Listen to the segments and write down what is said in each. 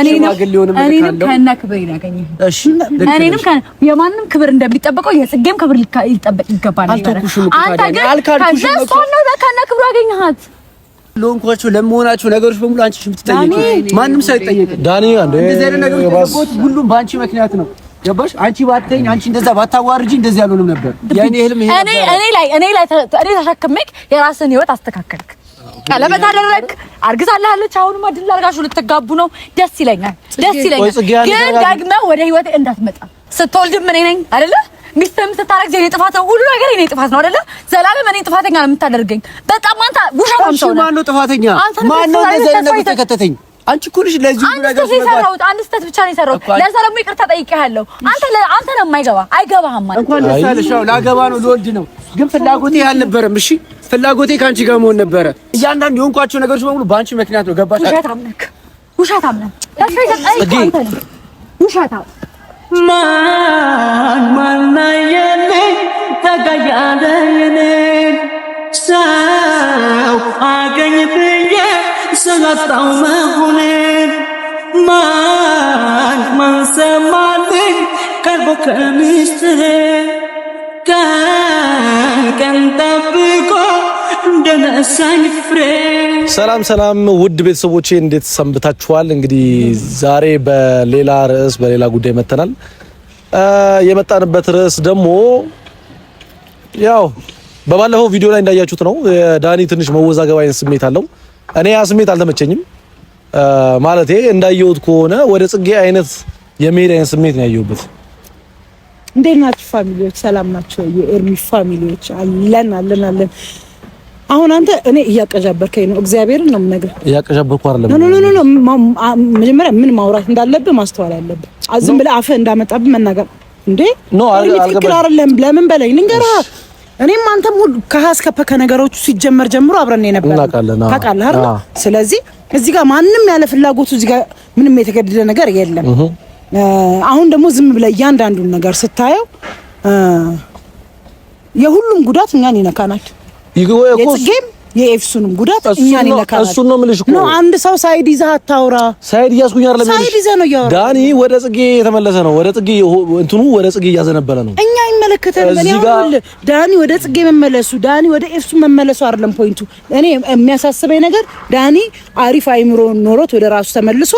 እኔንም ክብር የማንም ክብር እንደሚጠበቀው የጽጌም ክብር ሊጠበቅ ይገባል። አንተ ነው ክብሩ አገኘሃት ለሆንኳቸው ለመሆናቸው ነገሮች በሙሉ አንቺ ማንም ሰው አይጠየቅም። ዳኒ ሁሉም በአንቺ ምክንያት ነው። ገባሽ? አንቺ ባትተኝ፣ አንቺ እንደዛ ባታዋርጂ እንደዚህ ነበር። እኔ ላይ ተሸክሜክ የራስን ህይወት አስተካከልክ። ቀለበት አደረግ አርግዛለች። አሁንማ ድል አድርጋችሁ ልትጋቡ ነው። ደስ ይለኛል፣ ደስ ይለኛል። ግን ደግመህ ወደ ህይወት እንዳትመጣ። ስትወልድም እኔ ነኝ አይደለ? ሚስትህም ስታረግዝ የእኔ ጥፋት ነው። ሁሉ ነገር የእኔ ጥፋት ነው አይደለ? ዘላለም እኔ ጥፋተኛ ነው የምታደርገኝ። በጣም አንተ ውሸታም ሰው። ማነው ጥፋተኛ? ማነው እንደዚህ ነገር የተከተተኝ? አንቺ እኮ ነሽ ለዚህ ሁሉ ነገር ነው የሰራሁት። አንድ ስህተት ብቻ ነው የሰራሁት። ለዛ ደግሞ ይቅርታ ጠይቄሃለሁ። አንተ አንተ ነው የማይገባ አይገባህም ማለት ነው። እንኳን ደስ አለሽ። አዎ ላገባ ነው ልወልድ ነው ግን ፍላጎቴ አልነበረም። እሺ ፍላጎቴ ከአንቺ ጋር መሆን ነበረ። እያንዳንዱ የሆንኳቸው ነገሮች በሙሉ በአንቺ ምክንያት ነው። ገባሽ? ውሸታም ማን ማና የኔ ተጋያለ የኔ ሰው አገኝ ብዬ ስላጣው መሆኔን ማን ማን ሰማልኝ ቀርቦ ከምስጥሬ ሰላም ሰላም፣ ውድ ቤተሰቦቼ እንዴት ሰንብታችኋል? እንግዲህ ዛሬ በሌላ ርዕስ በሌላ ጉዳይ መተናል። የመጣንበት ርዕስ ደግሞ ያው በባለፈው ቪዲዮ ላይ እንዳያችሁት ነው። ዳኒ ትንሽ መወዛገብ አይነት ስሜት አለው። እኔ ያ ስሜት አልተመቸኝም። ማለቴ እንዳየሁት ከሆነ ወደ ጽጌ አይነት የመሄድ አይነት ስሜት ነው ያየሁበት እንዴት ናችሁ ፋሚሊዎች? ሰላም ናቸው የኤርሚ ፋሚሊዎች? አለን አለን አለን። አሁን አንተ እኔ እያቀዣበርከኝ ነው፣ እግዚአብሔርን ነው የምነግርህ። እያቀዣበርኩ አይደለም። ኖ ኖ ኖ፣ ኖ፣ መጀመሪያ ምን ማውራት እንዳለብህ ማስተዋል አለብህ። ዝም ብለህ አፈ እንዳመጣብህ መናገር እንዴ ኖ፣ ትክክል አይደለም። ለምን በለኝ ንገራ እኔም አንተም ሁሉ ከሀ እስከ ፐ ከነገሮቹ ሲጀመር ጀምሮ አብረን የነበረ ታውቃለህ አይደል? ስለዚህ እዚህ ጋር ማንም ያለ ፍላጎቱ እዚህ ጋር ምንም የተገደደ ነገር የለም። አሁን ደግሞ ዝም ብለህ እያንዳንዱን ነገር ስታየው የሁሉም ጉዳት እኛን ይነካናል። የጽጌም የኤፍሱንም ጉዳት እኛን ይነካናል። እሱ ነው የምልሽ እኮ ነው። አንድ ሰው ሳይድ ይዘህ አታውራ። ሳይድ እያስኩኝ አይደለም ሳይድ ይዘህ ነው ያወራ። ዳኒ ወደ ጽጌ የተመለሰ ነው። ወደ ጽጌ እንትኑ ወደ ጽጌ እያዘነበለ ነው። እኛ ይመለከተን በእኔ ዳኒ ወደ ጽጌ መመለሱ ዳኒ ወደ ኤፍሱ መመለሱ አይደለም ፖይንቱ። እኔ የሚያሳስበኝ ነገር ዳኒ አሪፍ አይምሮ ኖሮት ወደ ራሱ ተመልሶ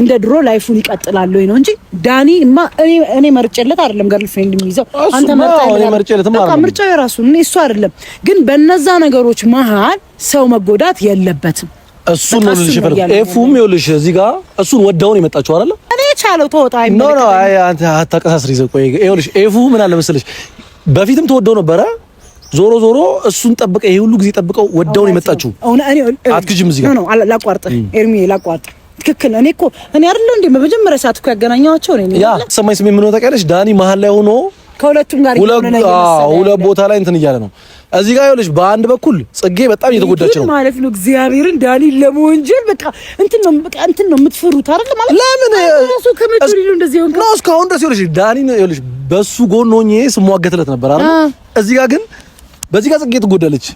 እንደ ድሮ ላይፉን ይቀጥላል ወይ ነው እንጂ ዳኒ እማ እኔ እኔ መርጨለት አይደለም ጋር ፍሬንድ የሚይዘው አንተ መርጬለት በቃ ምርጫው የራሱ እሱ አይደለም። ግን በነዛ ነገሮች መሀል ሰው መጎዳት የለበትም። እሱ ነው ልጅ ፍር ኤፉም ይኸውልሽ እዚህ ጋር እሱን ወዳውን የመጣችው አይደለ እኔ ቻለው ተወጣ አይመጣ ኖ ኖ አይ አንተ አታቀሳስሪ ዘቆይ ይኸውልሽ ኤፉ ምን አለ መሰለሽ በፊትም ተወደው ነበረ ዞሮ ዞሮ እሱን ጠብቀ ይሄ ሁሉ ጊዜ ጠብቀው ወዳውን የመጣችው አትክጅም እዚህ ጋር ኖ ኖ ላቋርጥ ኤርሚ ላቋርጥ ትክክል። እኔ እኮ እኔ አይደለሁ እንዴ በመጀመሪያ ሰዓት እኮ ያገናኘኋቸው እኔ ያ ሰማይ ስሜ ምን ተቀረሽ ዳኒ መሀል ላይ ሆኖ ከሁለቱም ጋር ሁለት ቦታ ላይ እንትን እያለ ነው። እዚህ ጋር ይኸውልሽ፣ በአንድ በኩል ጽጌ በጣም እየተጎዳች ነው ማለት ነው። እግዚአብሔርን ዳኒ ለመወንጀል በቃ እንትን ነው በቃ እንትን ነው የምትፈሩት አይደል ማለት ለምን እሱ ከምትሪ ነው እንደዚህ ይሆን ነው እስካሁን ድረስ ይኸውልሽ፣ ዳኒ ነው ይኸውልሽ፣ በሱ ጎን ሆኜ ስሟገትለት ነበር አይደል። እዚህ ጋር ግን በዚህ ጋር ጽጌ ትጎዳለች።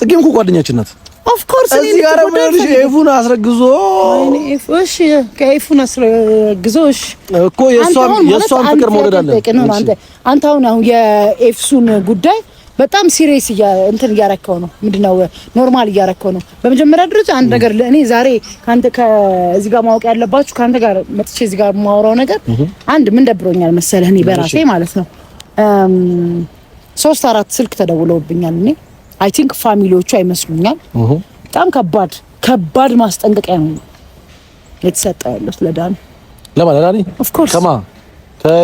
ጽጌም እኮ ጓደኛችን ናት። ኦፍ ኮርስ እዚህ ጋር ኤፉን አስረግዞ እሺ፣ ከኤፉን አስረግዞ እሺ እኮ የእሷን የእሷን ፍቅር መውደድ አለ። አንተ አሁን አሁን የኤፍሱን ጉዳይ በጣም ሲሪየስ እንትን እያረከው ነው። ምንድነው ኖርማል እያረከው ነው። በመጀመሪያ ደረጃ አንድ ነገር እኔ ዛሬ ከአንተ ከዚህ ጋር ማወቅ ያለባችሁ ከአንተ ጋር መጥቼ እዚህ ጋር የማወራው ነገር አንድ ምን ደብሮኛል መሰለህ እኔ በራሴ ማለት ነው ሶስት አራት ስልክ ተደውለውብኛል እኔ አይ ቲንክ ፋሚሊዎቹ አይመስሉኛል። በጣም ከባድ ከባድ ማስጠንቀቂያ ነው የተሰጠ ያለው ስለ ዳኒ ለማን ዳኒ ኦፍ ኮርስ ከማ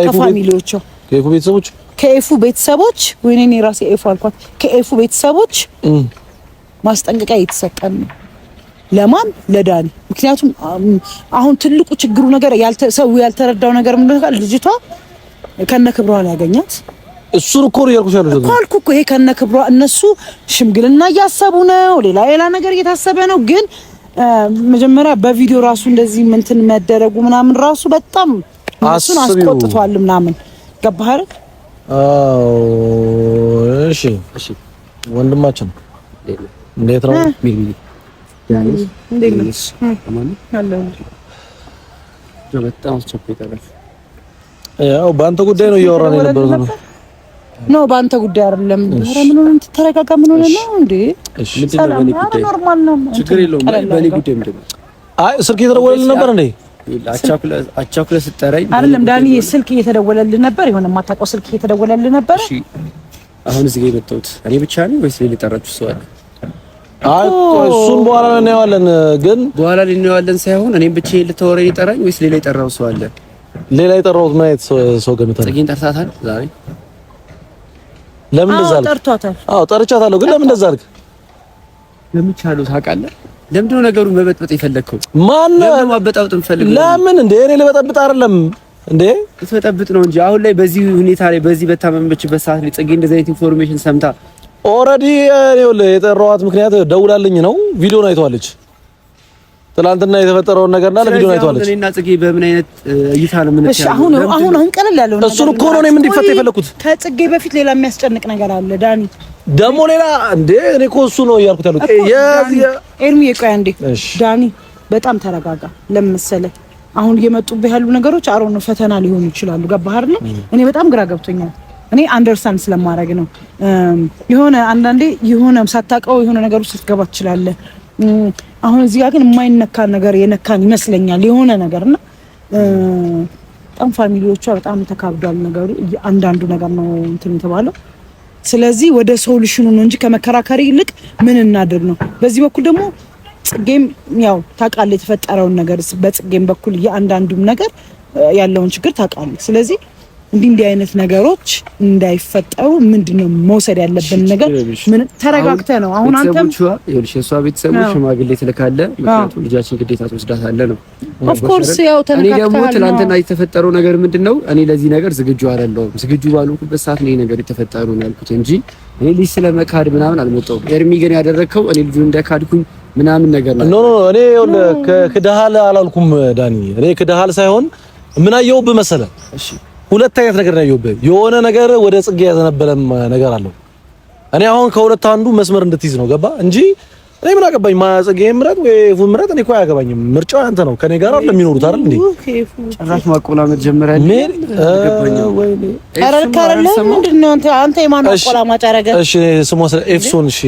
ከፋሚሊዎቹ ከኤፉ ቤተሰቦች ከኤፉ ቤተሰቦች ወይኔ እኔ ራሴ ኤፉ አልኳት። ከኤፉ ቤተሰቦች ማስጠንቀቂያ የተሰጠን ነው ለማን ለዳኒ። ምክንያቱም አሁን ትልቁ ችግሩ ነገር ሰው ያልተረዳው ነገር ምንድነው ልጅቷ ከነ ክብሯን ያገኛት እሱን እኮ ነው ያልኩሽ ያለው እኮ እኮ ይሄ ከነ ክብሯ እነሱ ሽምግልና እያሰቡ ነው። ሌላ ሌላ ነገር እየታሰበ ነው። ግን መጀመሪያ በቪዲዮ ራሱ እንደዚህ ምንትን መደረጉ ምናምን ራሱ በጣም እሱን አስቆጥቷል ምናምን ገባህ አይደል? አዎ። እሺ፣ እሺ። ወንድማችን እንዴት ነው? ያው በአንተ ጉዳይ ነው እያወራን የነበረው ኖ በአንተ ጉዳይ አይደለም። ኧረ ምን ሆነ ተረጋጋ። ምን ሆነ ነው እንዴ? ኖርማል ነው፣ ችግር የለውም። በእኔ ጉዳይ ምንድን አይ ስልክ እየተደወለልህ ነበር እንዴ? አቻኩለህ ስጠራኝ አይደለም ዳንዬ፣ ስልክ እየተደወለልን ነበር? የሆነ የማታውቀው ስልክ እየተደወለልህ ነበር? እሺ፣ አሁን እዚህ ጋር የመጣሁት እኔ ብቻ ነኝ ወይስ ሌላ የጠራችሁ ሰው አለ? እሱን በኋላ ላይ እናየዋለን። ግን በኋላ ላይ እናየዋለን ሳይሆን እኔም ብቻዬን ልታወራኝ የጠራኝ ወይስ ሌላ የጠራው ሰው አለ? ሌላ የጠራሁት ምን አይነት ሰው ገምታለህ? ጽጌን ጠርታታል ዛሬ ለምን እንደዛ አልክ? አዎ ጠርቻታለሁ፣ ግን ለምን እንደዛ አልክ? በሚቻለው ታውቃለህ። ለምንድን ነው ነገሩን መበጥበጥ የፈለግከው? ማን ነው ማበጣበጥ የምፈልግ? ለምን እንደ እኔ ልበጠብጥ አይደለም እንዴ ልትበጠብጥ ነው እንጂ አሁን ላይ በዚህ ሁኔታ ላይ በዚህ በታመመችበት ሰዓት ላይ ጽጌ እንደዚህ አይነት ኢንፎርሜሽን ሰምታ ኦልሬዲ የጠራኋት ምክንያት ደውላልኝ ነው ቪዲዮን አይተዋለች። ትናንትና የተፈጠረውን ነገርና ለቪዲዮ አይተዋለች። እኔና ጽጌ በምን አይነት እይታ ነው ምን እሺ፣ አሁን አሁን አሁን ቀለል ያለው ነው። እሱን እኮ ነው እኔም እንዲፈታ የፈለኩት። ከጽጌ በፊት ሌላ የሚያስጨንቅ ነገር አለ ዳኒ። ደግሞ ሌላ እንዴ? እኔ እኮ እሱ ነው እያልኩት ያሉት። ኤርሚ የቆያ እንዴ ዳኒ፣ በጣም ተረጋጋ። ለምን አሁን እየመጡብህ ያሉ ነገሮች አሮ ነው ፈተና ሊሆኑ ይችላሉ። ገባህ አይደል? እኔ በጣም ግራ ገብቶኛል። እኔ አንደርስታንድ ስለማድረግ ነው የሆነ አንዳንዴ የሆነ ሳታውቀው የሆነ ነገር ውስጥ ልትገባ ትችላለህ አሁን እዚህ ጋር ግን የማይነካ ነገር የነካን ይመስለኛል የሆነ ነገር እና በጣም ፋሚሊዎቿ በጣም ተካብዷል ነገሩ። አንዳንዱ ነገር ነው እንትን የተባለው። ስለዚህ ወደ ሶሉሽኑ ነው እንጂ ከመከራከሪ ይልቅ ምን እናድርግ ነው። በዚህ በኩል ደግሞ ጽጌም ያው ታውቃለህ የተፈጠረውን ነገር በጽጌም በኩል የአንዳንዱም ነገር ያለውን ችግር ታውቃለህ። ስለዚህ እንዲህ እንዲህ አይነት ነገሮች እንዳይፈጠሩ ምንድነው መውሰድ ያለብን ነገር? ምን ተረጋግተ ነው አሁን አንተም ይኸውልሽ፣ እሷ ቤተሰቦች ሽማግሌ ትልካለ። ምክንያቱም ልጃችን ግዴታ አለ ነው። ኦፍ ኮርስ ያው ነው። እኔ ደግሞ ትናንትና የተፈጠረው ነገር ምንድነው፣ እኔ ለዚህ ነገር ዝግጁ አይደለሁም። ዝግጁ ባልኩበት ሰዓት ነው ነገር የተፈጠረው ነው ያልኩት እንጂ እኔ ልጅ ስለመካድ ምናምን አልመጣሁም። ኤርሚ ግን ያደረግከው እኔ ልጁ እንደካድኩኝ ምናምን ነገር ነው። ኖ ኖ እኔ ክድሃል አላልኩም ዳኒ። እኔ ክድሃል ሳይሆን ምን አየሁብህ መሰለህ? እሺ ሁለት አይነት ነገር ነው ያየሁብህ። የሆነ ነገር ወደ ጽጌ ያዘነበለም ነገር አለው። እኔ አሁን ከሁለት አንዱ መስመር እንድትይዝ ነው ገባ እንጂ እኔ ምን አገባኝ? ማጽጌ ጽጌ ምረጥ ወይ ፉ ምረጥ፣ እኔ እኮ አያገባኝም። ምርጫው አንተ ነው። ከኔ ጋር አይደለም የሚኖሩት አይደል እንዴ? ጭራሽ ማቆላመጥ ጀምራል። ምን አረ ካረለ ምንድነው አንተ አንተ የማን አቆላማጭ አረገ? እሺ ስሙ ኤፍሶን እሺ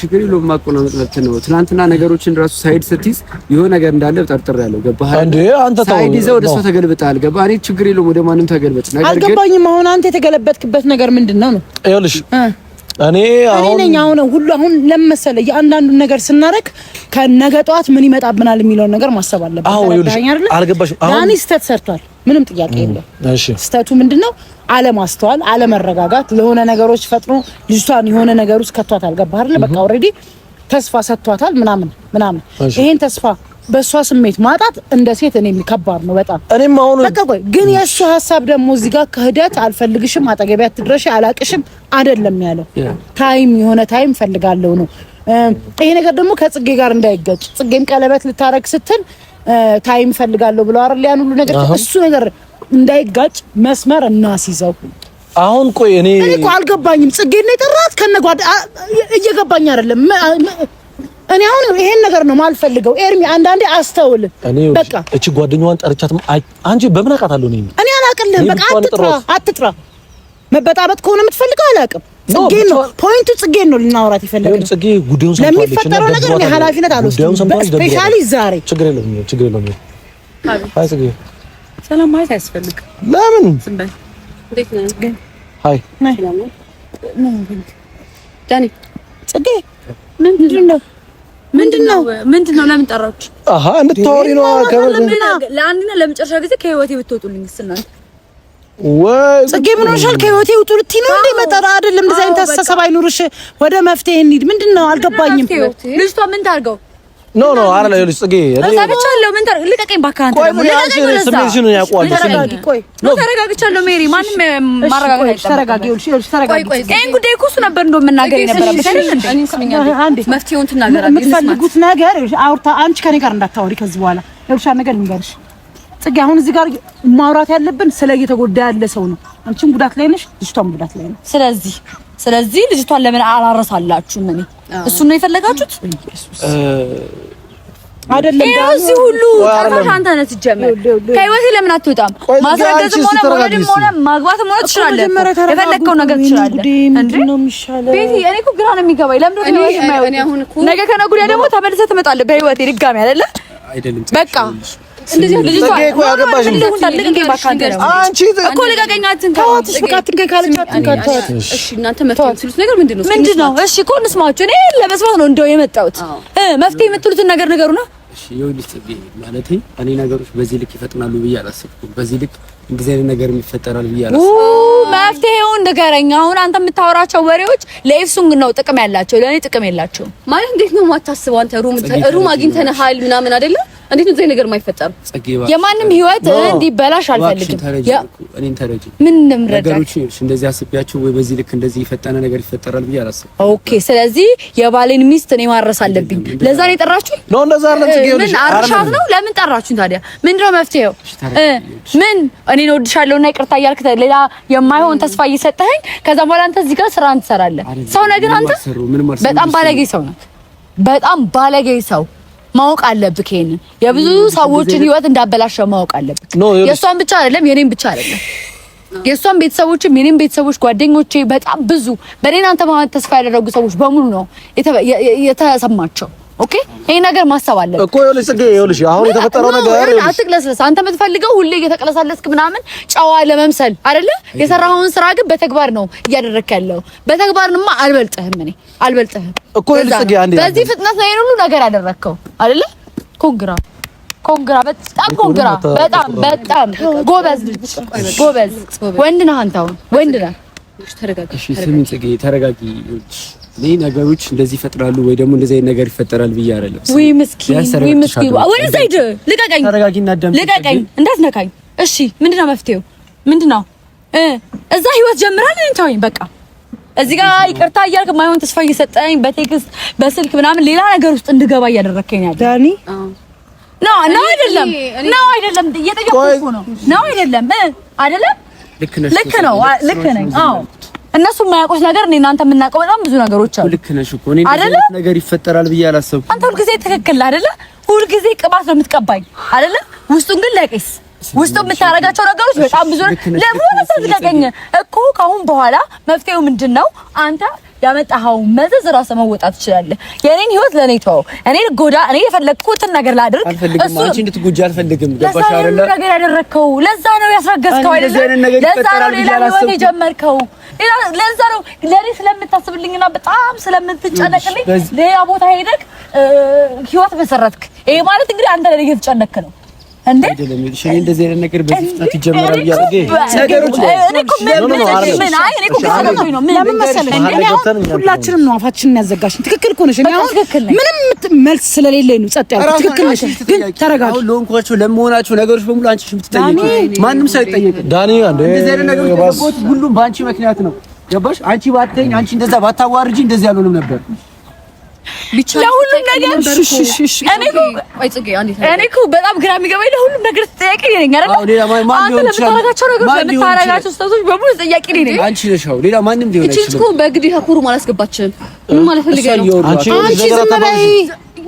ችግር የለውም ማቆናመጥ መብት ነው። ትናንትና ነገሮችን ራሱ ሳይድ ስትይዝ የሆነ ነገር እንዳለ ጠርጥር ያለው ገባህ። ሳይድ ይዘህ ወደ ሰው ተገልብጠሃል። ገባህ። እኔ ችግር የለውም ወደ ማንም ተገልበጥ። አልገባኝም። አሁን አንተ የተገለበጥክበት ነገር ምንድን ነው ነው? ይኸውልሽ እኔ አሁን እኔ አሁን ሁሉ አሁን ለመሰለ የአንዳንዱን ነገር ስናረግ ከነገ ጠዋት ምን ይመጣብናል የሚለውን ነገር ማሰብ አለበት። አዎ ይኸውልሽ፣ አልገባሽም። አሁን ዳኒ ስህተት ሰርቷል ምንም ጥያቄ የለም። ስህተቱ ምንድነው? አለማስተዋል፣ አለመረጋጋት ለሆነ ነገሮች ፈጥሮ ልጅቷን የሆነ ነገር ውስጥ ከቷታል። ገባህ አይደል? በቃ ኦልሬዲ ተስፋ ሰጥቷታል ምናምን ምናምን። ይሄን ተስፋ በእሷ ስሜት ማጣት እንደ ሴት እኔም ከባድ ነው በጣም። እኔም አሁን በቃ ቆይ ግን የእሱ ሀሳብ ደግሞ እዚህ ጋር ክህደት አልፈልግሽም፣ አጠገቢያ አትድረሽ፣ አላቅሽም አይደለም ያለው። ታይም የሆነ ታይም ፈልጋለሁ ነው። ይሄ ነገር ደግሞ ከጽጌ ጋር እንዳይገጭ ጽጌም ቀለበት ልታረግ ስትል ታይም ፈልጋለሁ ብለው አይደል? ያን ሁሉ ነገር እሱ ነገር እንዳይጋጭ መስመር እናስይዘው። አሁን ቆይ እኔ እኔ እኮ አልገባኝም። ጽጌ ነው የጠራት ከነ ጓድ እየገባኝ አይደለም። እኔ አሁን ይሄን ነገር ነው የማልፈልገው። ኤርሚ አንዳንዴ አስተውል። በቃ እቺ ጓደኛዋን ጠርቻት አንቺ በምን አውቃታለሁ? እኔ እኔ አላውቅልህም። በቃ አትጥራ አትጥራ። መበጣበጥ ከሆነ የምትፈልገው አላውቅም ጽጌ ነው ፖይንቱ፣ ጽጌ ነው ልናወራት የፈለግነው። ጽጌ ጉዳዩን ለሚፈጠረው ነገር እኔ ኃላፊነት አልወስድም። ስፔሻሊ ዛሬ ችግር የለውም፣ ችግር የለውም። አይ ጽጌ ሰላም ማለት አያስፈልግም። ለምን አይ ዳኒ ጽጌ ምንድን ነው ምንድን ነው ምንድን ነው? ለምን ጠራችሁ? እንድታወሪ ነው ለአንድና ለመጨረሻ ጊዜ ከህይወቴ ብትወጡልኝ ወይ ጽጌ ምን ሆነሻል? ከህይወቴ ውጡ ልትይ ነው እንዴ? መጠራ አይደለም። እንደዚህ አይነት አስተሳሰብ አይኑርሽ። ወደ መፍትሄ እንሂድ። ምንድን ነው አልገባኝም። ልጅቷ ምን ታርገው? ኖ ኖ አረ ለልጅ ጽጌ ተረጋግቻለሁ። ምን ታርገው? ልቀቀኝ ባካ። አንተ። ቆይ ስሜትሽን ያውቀዋል። ቆይ ነው ተረጋግቻለሁ። ሜሪ ማንም ማረጋጋት አይቻልም። ተረጋጊ። ይኸውልሽ ቆይ፣ ይሄን ጉዳይ እኮ እሱ ነበር እንደው መናገር የነበረብሽ አይደል? መፍትሄውን ትናገራለህ። የምትፈልጉት ነገር አውርታ አንቺ ከኔ ጋር እንዳታወሪ ከዚህ በኋላ ይኸውልሽ ነገር ልንገርሽ ጽጌ አሁን እዚህ ጋር ማውራት ያለብን ስለ እየተጎዳ ያለ ሰው ነው። አንቺም ጉዳት ላይ ነሽ፣ ልጅቷም ጉዳት ላይ ነው። ስለዚህ ስለዚህ ልጅቷን ለምን አላረሳላችሁም? እኔ እሱን ነው የፈለጋችሁት አይደለም? ያው እዚህ ሁሉ ጠፋሽ አንተ ነህ። ስትጀምር ከህይወቴ ለምን አትወጣም? ማስረገዝም ሆነ መውለድም ሆነ ማግባትም ሆነ ትችላለህ፣ የፈለግከው ነገር ትችላለህ። ቤቲ፣ እኔ እኮ ግራ ነው የሚገባኝ። ለምን ነው የማይወጣ? ነገ ከነገ ወዲያ ደግሞ ተመልሰህ ትመጣለህ በህይወቴ ድጋሚ አይደለ? በቃ እንደዚህ መፍትሄ ነገር ምንድን ነው? እሺ የምትሉትን ነገር ንገሩና እሺ ይኸውልሽ፣ ጽጌ ማለቴ እኔ ነገሮች በዚህ ልክ ይፈጥናሉ ብዬ አላሰብኩም። በዚህ ልክ እንደዚህ አይነት ነገር ይፈጠራል ብዬ አላሰብኩም። መፍትሄውን ንገረኝ። አሁን አንተ የምታወራቸው ወሬዎች ለኤፍሱንግ ነው ጥቅም ያላቸው፣ ለእኔ ጥቅም የላቸውም። ማለት እንዴት ነው የማታስበው አንተ? ሩም አግኝተንሃል ምናምን አይደለም እንዴት እንደዚህ ነገር የማይፈጠር? የማንም ህይወት እንዲበላሽ አልፈልግም። ምንም ነገሮች እንደዚህ አስቤያቸው ወይ በዚህ ልክ እንደዚህ የፈጠነ ነገር ይፈጠራል ብዬ አላስብም። ኦኬ፣ ስለዚህ የባሌን ሚስት እኔ ማረስ አለብኝ። ለዛ ነው የጠራችሁ? ነው እንደዛ አይደለም። ምን አርሻት ነው? ለምን ጠራችሁኝ ታዲያ? ምንድን ነው መፍትሄው? ምን እኔ ነው ወድሻለሁ እና ይቅርታ እያልክ ሌላ የማይሆን ተስፋ እየሰጠኸኝ ከዛ በኋላ አንተ እዚህ ጋር ስራ ትሰራለህ። ሰው ነገር አንተ በጣም ባለጌ ሰው ነው። በጣም ባለጌ ሰው ማወቅ አለብክ። ይሄንን የብዙ ሰዎችን ህይወት እንዳበላሸ ማወቅ አለብክ። የእሷን ብቻ አይደለም፣ የኔን ብቻ አይደለም። የእሷን ቤተሰቦችም የኔም ቤተሰቦች፣ ጓደኞቼ፣ በጣም ብዙ በኔን አንተ ተስፋ ያደረጉ ሰዎች በሙሉ ነው የተሰማቸው። ኦኬ፣ ይሄ ነገር ማሰብ አለ እኮ ይኸውልሽ፣ ጽጌ ይኸውልሽ፣ አሁን የተፈጠረው ነገር አትቅለስለስ። አንተ የምትፈልገው ሁሌ እየተቅለሳለስክ ምናምን ጨዋ ለመምሰል አይደለ? የሰራኸውን ስራ ግን በተግባር ነው እያደረክ ያለው። በተግባርንማ አልበልጥህም፣ እኔ አልበልጥህም እኮ ይኸውልሽ፣ ጽጌ አንዴ በዚህ ፍጥነት ነው ሁሉ ነገር ያደረከው አይደለ? ኮንግራ ኮንግራ፣ በጣም ኮንግራ፣ በጣም በጣም ጎበዝ ልጅ፣ ጎበዝ ወንድ ነህ አንተ። አሁን ወንድ ነህ። ተረጋጊ፣ ተረጋጊ እኔ ነገሮች እንደዚህ ይፈጥራሉ ወይ ደግሞ እንደዚህ ነገር ይፈጠራል ብዬ አይደለም። ወይ ምስኪን ወይ ምስኪን፣ ወደዛ ሂድ፣ ልቀቀኝ፣ ልቀቀኝ፣ እንዳትነካኝ። እሺ፣ ምንድነው መፍትሄው? ምንድነው እዛ ህይወት ጀምራል። እንታውኝ በቃ እዚህ ጋር ይቅርታ እያልክ ማይሆን ተስፋ እየሰጠኝ በቴክስት በስልክ ምናምን ሌላ ነገር ውስጥ እንድገባ እያደረከኝ ያለ ዳኒ ነው ነው አይደለም? ነው አይደለም? እየጠየኩህ ነው። ነው አይደለም? አይደለም? ልክ ነው። ልክ ነኝ። አዎ እነሱ የማያውቁት ነገር እኔ እናንተ የምናውቀው በጣም ብዙ ነገሮች አሉ። ልክ ነሽ እኮ እኔ ነገር ይፈጠራል ብዬ አላሰብኩም። አንተ ሁልጊዜ ትክክል አይደለ? ሁልጊዜ ቅባት ነው የምትቀባኝ አይደለ? ውስጡን ግን ለቄስ ውስጡ የምታረጋቸው ነገሮች በጣም ብዙ ለምን ሰው እኮ ከአሁን በኋላ መፍትሄው ምንድን ነው አንተ ያመጣኸው መዘዝ ራስ መወጣት ትችላለህ። የኔን ህይወት ለኔ ተው። እኔ ጎዳ እኔ የፈለግኩትን ነገር ላድርግ። እሱ አንቺ እንድትጎጂ አልፈልግም። ገባሽ አይደለ? ነገር ያደረግከው ለዛ ነው ያስረገዝከው አይደለ? ለዛ ነው ሌላ ህይወት የጀመርከው። ለዛ ነው ለኔ ስለምታስብልኝና በጣም ስለምትጨነቅልኝ ሌላ ቦታ ሄደክ ህይወት መሰረትክ። ይሄ ማለት እንግዲህ አንተ ለኔ እየተጨነቅክ ነው እንደዚህ ሁላችንም ነው አፋችንን ያዘጋሽን። ትክክል እኮ ነሽ። ምንም መልስ ስለሌለኝ ነው ጸጥ ያልኩት። ትክክል ነሽ፣ ግን ተረጋጊ። ለሆንኳቸው ለመሆናቸው ነገሮች በሙሉ አንቺ የምትጠይቂው ማንም ሰው አይጠየቅም። ዳኒ፣ ሁሉም በአንቺ ምክንያት ነው። ገባሽ? አንቺ ባትተኝ፣ አንቺ እንደዛ ባታዋርጂ እንደዚህ አልሆንም ነበር። ለሁሉም ነገር እኔ እኮ በጣም ግራ የሚገባኝ ለሁሉም ነገር ተጠያቂ እኔ ነኝ አይደል? አንተ ለምታረጋቸው ነገሮች ለምታረጋቸው ስህተቶች በሙሉ ተጠያቂ እኔ ነኝ። አንቺ ነሽ። አዎ ሌላ ማንም ሊሆን አይችልም። እቺ እኮ በግድ ከኮሩም አላስገባችም። ምንም አልፈልገኝ ነው። አንቺ ዝም በይ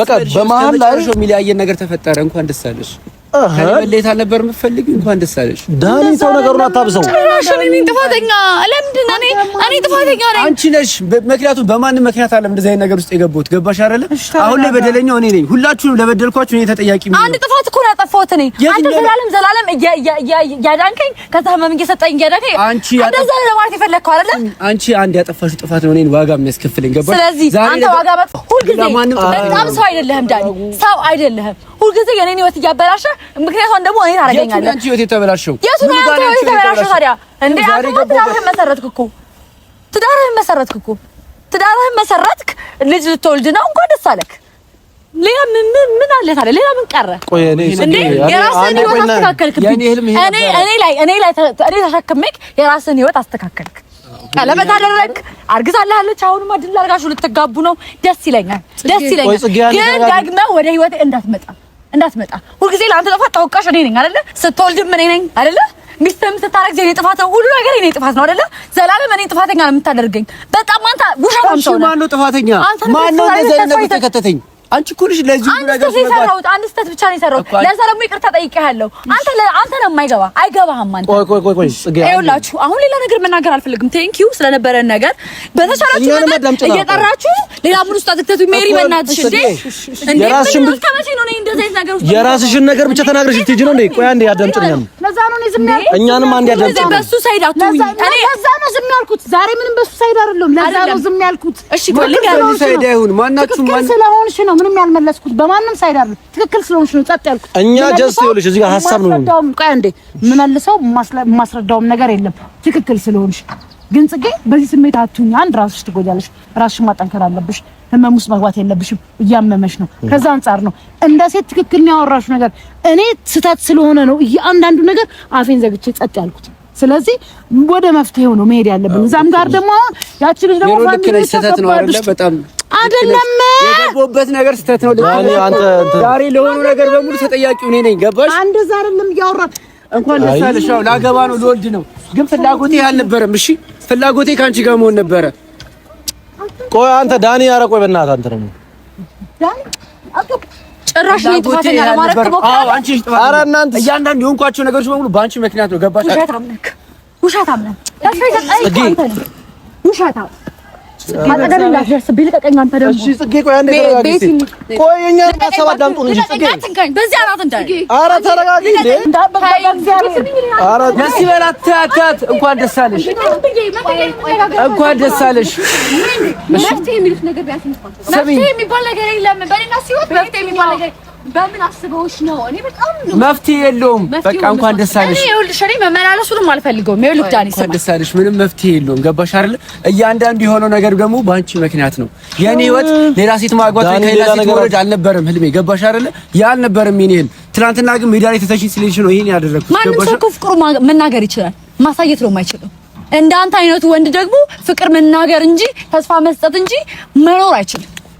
በቃ በመሀል ላይ ነገር ተፈጠረ። እንኳን ደስ አለሽ መለየት አልነበር የምትፈልግ? እንኳን ደስ አለሽ ዳኒ። ሰው ነገሩን አታብሰው። ጥፋተኛ ለምንድን እኔ ጥፋተኛ ነኝ? አንቺ ነሽ። ምክንያቱም በማንም ምክንያት አለም እንደዚህ አይነት ነገር ውስጥ የገባሁት ገባሽ አይደለ? አሁን ላይ በደለኛው እኔ ነኝ። ሁላችሁም ለበደልኳችሁ እኔ ተጠያቂ ነኝ። አንድ ጥፋት እኮ ነው ያጠፋሁት እኔ። አንተ ዘላለም ዘላለም እያዳንከኝ ከዛ ህመም እየሰጠኝ እያዳንከኝ አንቺ እንደዛ ለማለት የፈለግከው አይደለ? አንቺ አንድ ያጠፋሽው ጥፋት ነው እኔን ዋጋ የሚያስከፍለኝ ገባሽ? ስለዚህ አንተ ዋጋ መጥፋት ሁልጊዜ በጣም ሰው አይደለህም ዳኒ፣ ሰው አይደለህም ሁልጊዜ የኔን ህይወት እያበላሸ ምክንያቱም ደግሞ እኔ ታደርገኛለህ። የቱ ህይወት የተበላሸው? የቱ ነው ያንተ ህይወት የተበላሸው? ታዲያ እንዴ አንተ ትዳርህን መሰረትክ እኮ ትዳርህን መሰረትክ እኮ ትዳርህን መሰረትክ። ልጅ ልትወልድ ነው፣ እንኳን ደስ አለክ። ሌላ ምን ምን አለ ታዲያ? ሌላ ምን ቀረ እኔ እንዴ? የራስህን ህይወት አስተካከልክ። እኔ እኔ ላይ እኔ ላይ እኔ ተሸክሜክ የራስህን ህይወት አስተካከልክ። ቀለበት አደረግ አርግዛለች። አሁንማ ድል አድርጋችሁ ልትጋቡ ነው። ደስ ይለኛል፣ ደስ ይለኛል። ግን ደግመህ ወደ ህይወቴ እንዳትመጣ እንዳትመጣ ሁልጊዜ ለአንተ ጥፋት ተወቃሽ እኔ ነኝ አይደለ? ስትወልድም እኔ ነኝ አይደለ? ሚስትም ስታረግዝ የኔ ጥፋት ነው። ሁሉ ነገር እኔ ጥፋት ነው አይደለ? ዘላለም እኔ ጥፋተኛ ነው የምታደርገኝ። በጣም አንተ ውሻ። ነው። ማነው ጥፋተኛ? ማነው እንደዚህ አይነት ነገር ተከተተኝ አንቺ እኮ ልጅ ለዚህ ሁሉ ነገር ሰራውት አንድ ስህተት ብቻ ነው የሰራሁት። ለዛ ደግሞ ይቅርታ ጠይቄሃለሁ። አንተ አንተ ነው የማይገባ አይገባህም። አንተ ቆይ ቆይ ቆይ ቆይ ጽጌ፣ ይኸውላችሁ አሁን ሌላ ነገር መናገር አልፈልግም። ቴንክ ዩ ስለነበረን ነገር በተሻላችሁ ነገር እየጠራችሁ ሌላ ምን ውስጥ አትክተቱ። ሜሪ በእናትሽ እንዴ እንዴ፣ የራስሽን ነገር ብቻ ተናግረሽ ልትሄጂ ነው እንዴ? ቆይ አንዴ አዳምጪኝ። ለዛ ነው ዝም ያልኩት። እኛንም አንድ ያደርጋል። በሱ ሳይድ አትሁኝ። እኔ ለዛ ነው ዝም ያልኩት። ዛሬ ምንም በሱ ሳይድ አይደለም። ለዛ ነው ዝም ያልኩት። እሺ፣ ሳይድ አይሁን። ማናችሁ ማን ስለሆንሽ ነው ምንም ያልመለስኩት። በማንም ሳይድ አይደለም። ትክክል ስለሆንሽ ነው ጸጥ ያልኩት። እኛ ጀስት ይኸውልሽ፣ እዚህ ጋር ሀሳብ ነው። ቆይ አንዴ የምመልሰው የማስረዳውም ነገር የለም። ትክክል ስለሆንሽ ግን ጽጌ፣ በዚህ ስሜት አትሁኝ። አንድ ራስሽ ትጎጃለሽ። ራስሽ ማጠንከር አለብሽ። ህመም ውስጥ መግባት የለብሽም እያመመሽ ነው። ከዛ አንጻር ነው እንደ ሴት ትክክል ነው ያወራሹ ነገር። እኔ ስህተት ስለሆነ ነው እያንዳንዱ ነገር አፌን ዘግቼ ጸጥ ያልኩት። ስለዚህ ወደ መፍትሄው ነው መሄድ ያለብን። እዛም ጋር ደግሞ አሁን ያቺ ልጅ ደግሞ ስህተት ነው አይደለ? በጣም አይደለም የገባሁበት ነገር ስህተት ነው። አንተ ዛሬ ለሆኑ ነገር በሙሉ ተጠያቂው እኔ ነኝ። ገባሽ? አንድ እዛ አይደለም እያወራን እንኳን ደስ አለሽ። ላገባ ነው ልወልድ ነው፣ ግን ፍላጎቴ አልነበረም። እሺ ፍላጎቴ ከአንቺ ጋር መሆን ነበረ ቆይ አንተ ዳኒ፣ ኧረ ቆይ በእናትህ አንተ ደግሞ ዳኒ ጭራሽ ነው ጥፋተኛ ለማድረግ ትሞክራለህ። አዎ አንቺ ጥፋተኛ። ኧረ እናንተ እያንዳንዱ የሆንኳቸው ነገሮች በሙሉ በአንቺ ምክንያት ነው። ገባሽ? ውሸታም ነህ፣ ውሸታም ነህ። ተስፋ የሰጠኸኝ አንተ ነህ፣ ውሸታም ማጠገብ እንዳትደርስብኝ ልቀቀኝ። አንተ ደግሞ እሺ ጽጌ፣ ቆይ አንዴ ተረጋጊ። ቆይ የእኛ ሀሳብ አዳምጡ እንጂ ጽጌ። ኧረ ተረጋጊ እንዴ! ኧረ ደስ ይበላት። ታያት። እንኳን ደስ አለሽ፣ እንኳን ደስ አለሽ። መፍትሄ የሚባል ነገር የለም። በእኔ እና ሲወት መፍትሄ የሚባል ነገር በምን አስበውሽ ነው? እኔ በጣም ነው መፍትሄ የለውም። በቃ እንኳን ደስ አለሽ። እኔ ይኸውልሽ፣ እኔ መመላለሱንም አልፈልገውም። ይኸውልሽ ዳኒ፣ እንኳን ደስ አለሽ። ምንም መፍትሄ የለውም። ገባሽ አይደል? እያንዳንዱ የሆነው ነገር ደግሞ በአንቺ ምክንያት ነው። የኔ ህይወት ሌላ ሴት ማግባት ወይ ሌላ ሴት መውለድ አልነበረም ህልሜ። ገባሽ አይደል? ያ አልነበረም የኔ ህልም። ትናንትና ግን ሜዳ ላይ ተተሽኝ ስለሽ ነው ይሄን ያደረኩት። ማንም ሰው እኮ ፍቅሩ መናገር ይችላል፣ ማሳየት ነው የማይችለው። እንዳንተ አይነቱ ወንድ ደግሞ ፍቅር መናገር እንጂ ተስፋ መስጠት እንጂ መኖር አይችልም።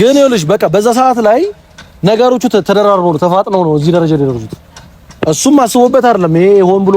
ግን ይኸውልሽ በቃ በዛ ሰዓት ላይ ነገሮቹ ተደራርበው ተፋጥነው ነው እዚህ ደረጃ የደረሱት። እሱም አስቦበት አይደለም። ይሄ ሆን ብሎ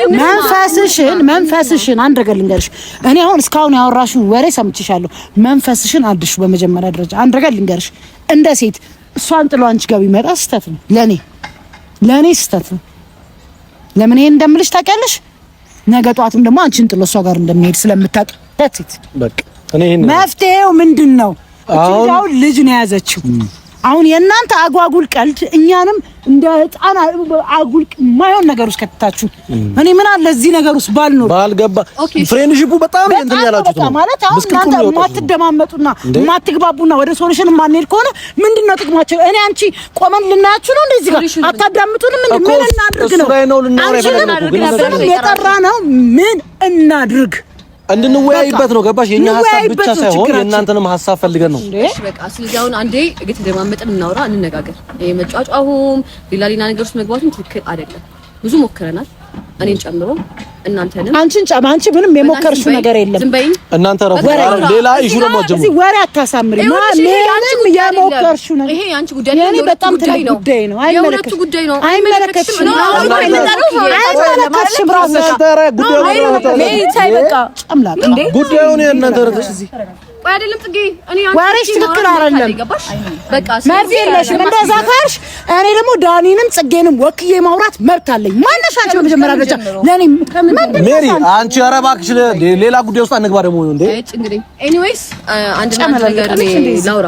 መንፈስሽን መንፈስሽን አንድ ነገር ልንገርሽ። እኔ አሁን እስካሁን ያወራሽን ወሬ ሰምችሻለሁ። መንፈስሽን አድሽ። በመጀመሪያ ደረጃ አንድ ነገር ልንገርሽ፣ እንደ ሴት እሷን ጥሎ አንቺ ጋር ቢመጣ ስህተት ነው። ለእኔ ለእኔ ስህተት ነው። ለምን ይሄን እንደምልሽ ታውቂያለሽ? ነገ ጠዋትም ደግሞ አንቺን ጥሎ እሷ ጋር እንደሚሄድ ስለምታውቂ ሴት በቃ እኔ መፍትሄው ምንድን ነው? አሁን ልጅ ነው የያዘችው አሁን የእናንተ አጓጉል ቀልድ እኛንም እንደ ህፃና አጉል ማይሆን ነገር ውስጥ ከተታችሁ፣ እኔ ምን አለ እዚህ ነገር ውስጥ ባልኖር ባልገባ። ፍሬንድሺፑ በጣም እንትን ያላችሁት ነው ማለት አሁን እናንተ የማትደማመጡና የማትግባቡና ወደ ሶሉሽን የማንሄድ ከሆነ ምንድን ነው ጥቅማቸው? እኔ አንቺ ቆመን ልናያችሁ ነው እንደዚህ ጋር አታዳምጡንም። ምን እናድርግ ነው አንቺንም የጠራ ነው ምን እናድርግ እንድንወያይበት ነው። ገባሽ? የኛ ሀሳብ ብቻ ሳይሆን የእናንተንም ሀሳብ ፈልገን ነው። እሺ በቃ ስለዚህ አሁን አንዴ እየተደማመጥን እናውራ፣ እንነጋገር። ይሄ መጫጫሁም ሌላ ሌላ ነገር ውስጥ መግባቱም ትክክል አይደለም። ብዙ ሞክረናል። እኔን ጨምሮ እናንተንም አንቺን ጨምሮ አንቺ ምንም የሞከርሽው ነገር የለም። እናንተ ሌላ ኢሹ ደግሞ ጀምሩ። እዚህ ወሬ አታሳምሪ። ምንም የሞከርሽው ነገር ይሄ አንቺ ጉዳይ ነው። በጣም ትልቅ ጉዳይ ነው። አይመለከትሽም፣ ጉዳይ ነው። አይመለከትሽም፣ አይመለከትሽም። ራስሽ ጉዳዩን የእናንተ ወይ አይደለም ጽጌ፣ እኔ ወሬሽ ትክክል አይደለም። መብት የለሽም እንደዛ ካልሽ፣ እኔ ደግሞ ዳኒንም ጽጌንም ወክዬ ማውራት መብት አለኝ። ማነሽ አንቺ? በመጀመሪያ ደረጃ ለኔ ሜሪ፣ አንቺ ኧረ እባክሽ ሌላ ጉዳይ ውስጥ አንግባ። ደግሞ እንዴ ኤኒዌይስ አንድ ነገር ላውራ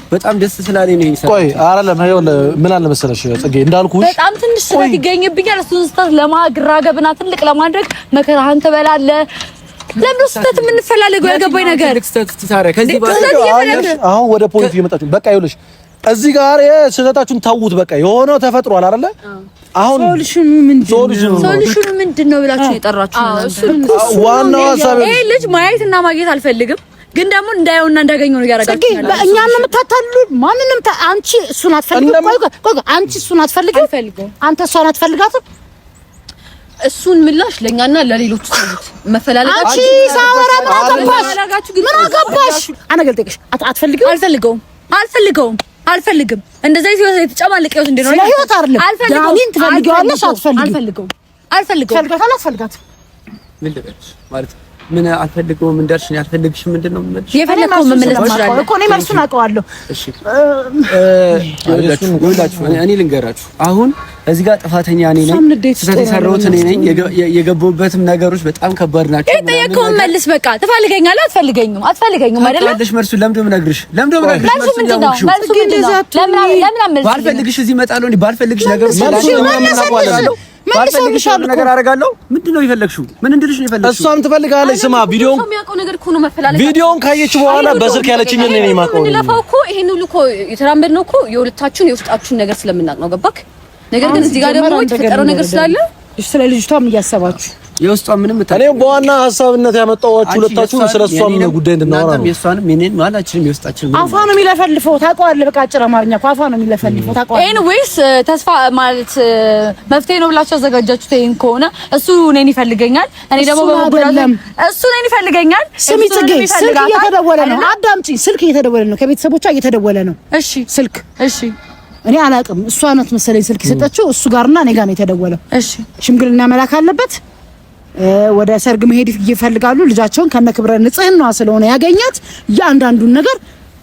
በጣም ደስ ስላለኝ ነው የሚሰራው። ቆይ አይደለም፣ ይኸውልህ ምን አለ መሰለሽ ጽጌ፣ እንዳልኩሽ በጣም ትንሽ ስለት ይገኝብኛል። እሱን ስህተት ለማግራገብና ትልቅ ለማድረግ መከራህን ትበላለህ። ለምን ስህተት የምንፈላለገው ያገባኝ ነገር አሁን ወደ ፖይንት እየመጣችሁ በቃ ይኸውልሽ እዚህ ጋር ስህተታችሁን ተዉት። በቃ የሆነው ተፈጥሯል አይደለ? አሁን ሶሉሽኑ ምንድን ነው ብላችሁ የጠራችሁ ዋናው ሀሳብ ይሄ ልጅ ማየት እና ማግኘት አልፈልግም ግን ደግሞ እንዳየውና እንዳገኘው ነው ያረጋችሁ። እኛ ነው የምታታሉ። ማንንም አንቺ እሱን አትፈልጊም። ቆይ ቆይ፣ አንቺ እሱን አትፈልጊም። አንተ እሷን አትፈልጋትም። እሱን ምላሽ ለኛና ለሌሎች ሰዎች መፈላለጋችሁ። አንቺ ሳወራ ምን አገባሽ? ምን አገባሽ? አናገልጠቅሽ አትፈልጊም። አልፈልገውም፣ አልፈልገውም አልፈልግም እንደዛ ይወስ የተጨማለቀ ይወስ እንደሆነ ነው ህይወት አይደለም። አልፈልገውም ትፈልጊዋለሽ? አትፈልጊውም። አልፈልገውም። አልፈልገውም። ፈልጋት አላስፈልጋት ምን ልበልሽ ማለት ምን አልፈልገውም እንዳልሽ ነው ያልፈልግሽ። ምንድን ነው የምልሽ? እኮ እኔ እሺ ልንገራችሁ አሁን እዚህ ጋር ጥፋተኛ እኔ ነኝ፣ ስህተት የሰራሁት እኔ ነኝ። የገባሁበትም ነገሮች በጣም ከባድ ናቸው። የጠየቀውን መልስ በቃ ትፈልገኛለህ? አትፈልገኝም? አትፈልገኝም አይደለ? መልሱ ለምንድን ነው የምነግርሽ? ለምንድን ነው የምነግርሽ? መልሱ ምንድን ነው? መልሱ ምንድን ነው? ለምን ለምን ባልፈልግሽ እዚህ እመጣለሁ እንዴ? ባልፈልግሽ ነገሮች ባልፈልግሻለሁ ነው እሷም ትፈልጋለች። ስማ ቪዲዮን ቪዲዮን ካየች በኋላ በስልክ ያለችኝ ነው። እኔ ይሄን ሁሉ እኮ እኮ የሁለታችሁን የውስጣችሁን ነገር ስለምናቅ ነው። ገባክ? ነገር ግን እዚህ ጋር ደግሞ የተፈጠረው ነገር ስላለ ስለ ልጅቷም እያሰባችሁ የውስጧ ምንም እኔ በዋና ሀሳብነት ያመጣኋችሁ ስለ እሷም ጉዳይ እንድናወራ ነው። የእሷንም የእኔን ማናችንም የውስጣችን አፏ ነው የሚለፈልፈው ታውቀዋለህ። በቃ አጭር አማርኛ እኮ አፏ ነው የሚለፈልፈው ታውቀዋለህ። ተስፋ ማለት መፍትሄ ነው ብላችሁ አዘጋጃችሁት? ይሄን ከሆነ እሱ እኔን ይፈልገኛል፣ እኔ ደግሞ በመጉዳት እሱ እኔን ይፈልገኛል። ስሚ ጽጌ፣ ስልክ እየተደወለ ነው። አዳምጪኝ፣ ስልክ እየተደወለ ነው። ከቤተሰቦቿ እየተደወለ ነው። እሺ፣ ስልክ እሺ እኔ አላውቅም። እሷ ናት መሰለኝ ስልክ የሰጠችው። እሱ ጋርና እኔ ጋር ነው የተደወለው። እሺ ሽምግልና መላክ አለበት። ወደ ሰርግ መሄድ ይፈልጋሉ። ልጃቸውን ከነ ንጽህናዋ ስለሆነ ያገኛት የአንዳንዱን ነገር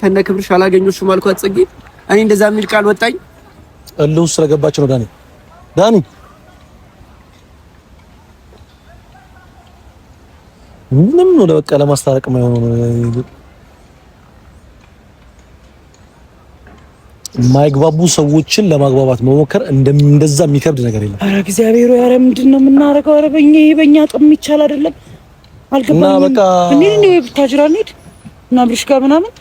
ከነ ክብርሽ አላገኘሁሽም አልኳት ፅጌ። እኔ እንደዛ የሚል ቃል ወጣኝ። እልህ ስለገባች ነው ዳኒ ዳኒ ምንም ነው በቃ ለማስታረቅ የማይሆነው የማይግባቡ ሰዎችን ለማግባባት መሞከር እንደዛ የሚከብድ ነገር የለም። አረ እግዚአብሔር ያረ ምንድን ነው የምናደርገው? አረ በእኛ በእኛ ጥም ይቻል አይደለም። አልገባኝም። እኔ ነው ብታጅራ እንሂድ እና ብርሽ ጋር ምናምን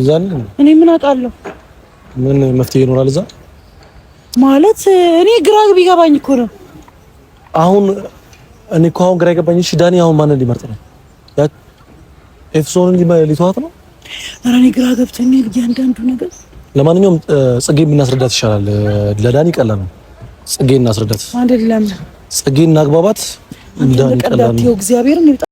እዛ እኔ ምን አውቃለሁ? ምን መፍትሄ ይኖራል እዛ ማለት እኔ ግራ ቢገባኝ እኮ ነው አሁን እኔ እኮ አሁን ግራ ይገባኝ። እሺ ዳኒ አሁን ማንን ሊመርጥ ነው? ኤፍሶንን ሊተዋት ነው? ኧረ እኔ ግራ ገብቶኛል እያንዳንዱ ነገር። ለማንኛውም ጽጌ ብናስረዳት ይሻላል። ለዳኒ ቀላል ነው። ጽጌ እናስረዳት፣ ጽጌ እናግባባት። ዳኒ ቀላል ነው።